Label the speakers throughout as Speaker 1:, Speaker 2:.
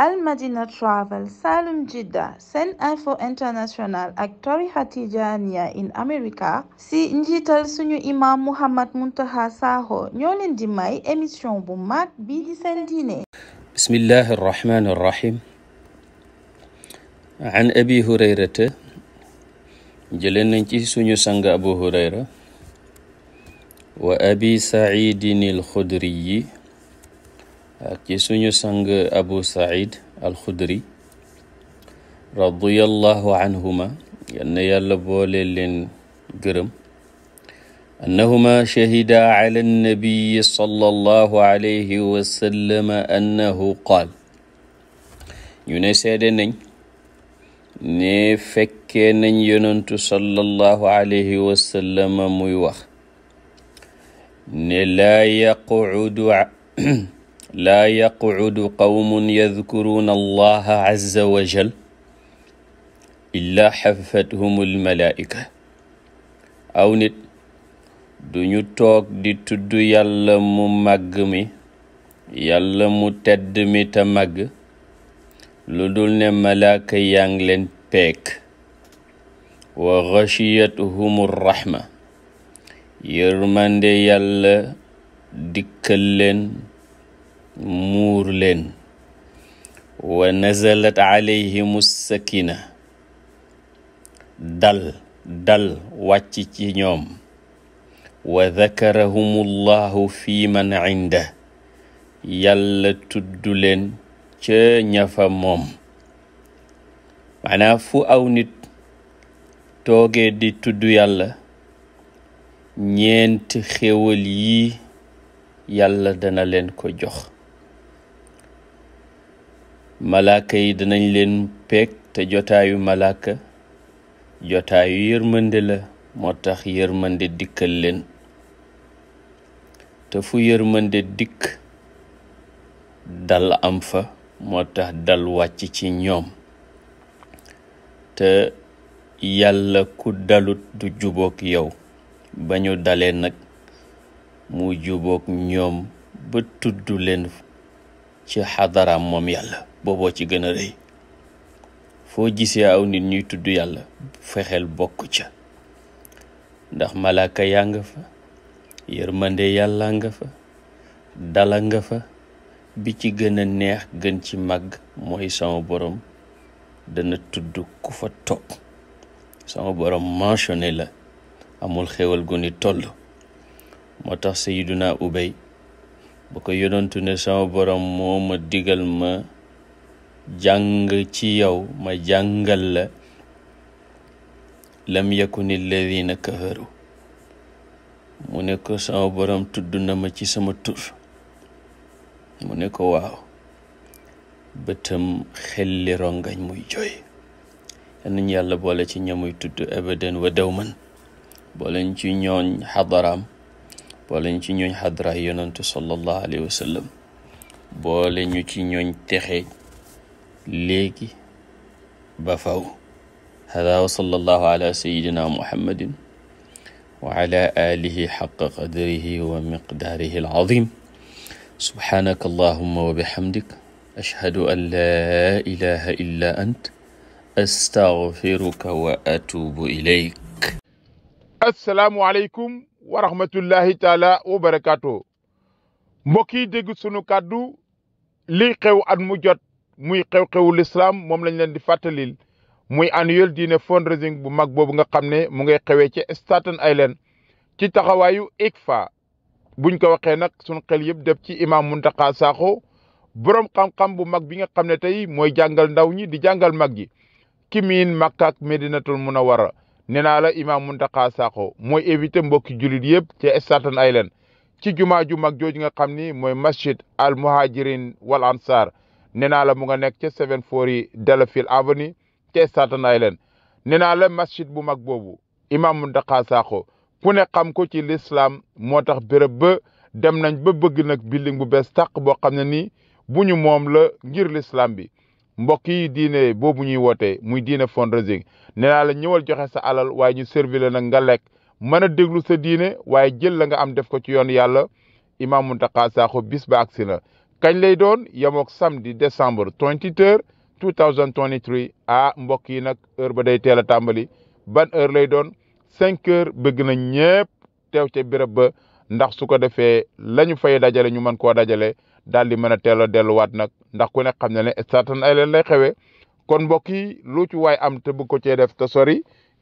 Speaker 1: al madina travel salum jidda sen info international ak tarixa tijaniya in america si njiital suñu imam muhammad muntaha sakho ñoo di may émission bu mag bi di seen diine bismillahi arrahmani arrahim an abi hurayrata jëleen nañ ci suñu sang abu hurayra wa abi saidin alxudriyi ak eh, ci suñu sang abu said alxudri radiallahu anhuma yenn yàlla boole leen gërëm annahuma shahida ala annabiyi sallallahu alayhi wasallama annahu qaal ñu ne seede nañ ne fekkee nañ yonantu sallallahu alayhi wasallama muy wax ne laa yaquudu laa yaquudu qawmun yadkuruuna allaha azza wa jal illaa xafathum almalaika aw nit duñu toog di tudd yàlla mu màgg mi yàlla mu tedd mi te màgg lu dul ne malaaka yaa ngi leen peek wa ghashiyatuhum rahma yërmande yàlla dikkal leen muur leen wa nazalat alayhim sakina dal dal wàcc ci ñoom wa dakarahum allahu fi man inda yàlla tudd leen ca ñafa moom maanaam fu aw nit toogee di tudd yàlla ñeenti xéwal yii yàlla dana leen ko jox malaaka yi danañ leen peeg te jotaayu malaaka jotaayu yërmande la moo tax yërmande dikkal leen te fu yërmande dikk dal am fa moo tax dal wàcc ci ñoom te yàlla ku dalut du jubook yow ba ñu dalee nag mu jubook ñoom ba tudd leen ci xadaraam moom yàlla booboo ci gën a rëy foo gisee aw nit ñuy tudd yàlla fexeel bokk ca ndax malaaka yaa nga fa yërmande yàlla nga fa dala nga fa bi ci gën a neex gën ci màgg mooy sama borom dana tudd ku fa toog sama borom mentionné la amul xéwal gu ni toll moo tax Sayyiduna ubéy ba ko yonantu ne sama borom moo ma digal ma jàng ci yow ma jàngal la lam yakuni alladina kafaru mu ne ko sama borom tudd na ma ci sama tur mu ne ko waaw bëtam xelli rongañ muy jooy nañ yàlla boole ci ñamuy tudd abadan wa dawman boole ci ñooñ xadaraam boole ñu ci ñooñ xadra yonantu sallallahu alayhi wa sallam boole ñu ci ñooñ texe léegi ba faw hada wa sallallahu ala sayidina muhammadin wa ala alihi xaqa qadrihi wa miqdaarihi alazim subhaanaka allahumma wa bihamdik ashhadu an laa ilaha illa ant astaghfiruka wa atubu ilayk
Speaker 2: assalaamu aleykum wa rahmatullahi taala wa barakaatu mbokk yi dégg sunu kàddu lii xew at mu jot muy xew-xewu lislaam moom lañ leen di fàttalil muy annuel diine fundraising bu mag boobu nga xam ne mu ngay xewee ci Staten Island ci taxawaayu ICFA buñ ko waxee nag sunu xel yëpp def ci imam Muntaqa Sakho borom xam-xam bu mag bi nga xam ne tey mooy jàngal ndaw ñi di jàngal mag gi ki miin Makka ak Medinatul wara nee naa la imaam Mountakha Sakho mooy éviter mbokki jullit yëpp ci Staten Island ci jumaa ju mag jooju nga xam ni mooy masjid al muhajirin wal ansar nee naa la mu nga nekk ca seven forty Delafield Avenue ca Staten Island nee naa la masjid bu mag boobu imaam Mountakha Sakho ku ne xam ko ci lislaam moo tax béréb ba dem nañ ba bëgg nag building bu bees tàq boo xam ne nii bu ñu moom la ngir lislaam bi mbokk yi diine boobu ñuy woote muy diine fundraising nee naa la ñëwal joxe sa alal waaye ñu servir nag nga lekk mën a déglu sa diine waaye jël la nga am def ko ci yoon yàlla Imam Mountakha saako bis ba agsi na kañ lay doon yemook samedi décembre 23 2023 ah mbokk yi nag heure ba day teel a tàmbali ban heure lay doon cinq heures bëgg na ñëpp teew ca béréb ba ndax su ko defee la ñu fay dajale ñu mën koo dajale daal di mën a teel a delluwaat nag ndax ku ne xam ne ne satan ay leen lay xewee kon mbokk yi lu ci waay am te bëgg ko cee def te sori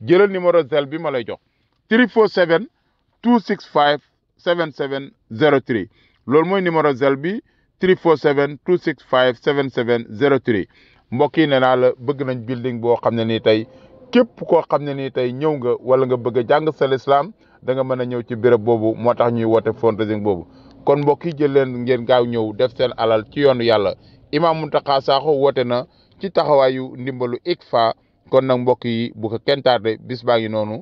Speaker 2: jëlal numéro zel bi ma lay jox 347 265 7703 loolu mooy numéro zel bi 347 265 7703 mbokk yi nee naa la bëgg nañ building boo xam ne nii tey képp koo xam ne nii tey ñëw nga wala nga bëgg a jàng sa lislaam da mën a ñëw ci béréb boobu moo tax ñuy woote fundraising boobu kon mbokk yi jël leen ngeen gaaw ñëw def seen alal ci yoonu yàlla Imam Mountakha Sakho woote na ci taxawaayu ndimbalu ICFA kon nag mbokk yi bu ko kenn tardé noonu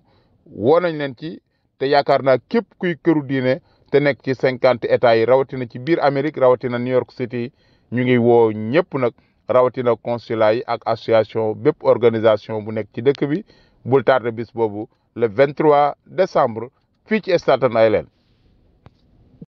Speaker 2: woo nañ leen ci te yaakaar naa képp kuy këru diine te nekk ci cinquante états yi rawatina ci biir Amérique rawatina New York City ñu ngi woo ñëpp nag rawatina consulat yi ak association bépp organisation bu nekk ci dëkk bi bul tardé bis boobu le 23 décembre fii ci Staten Island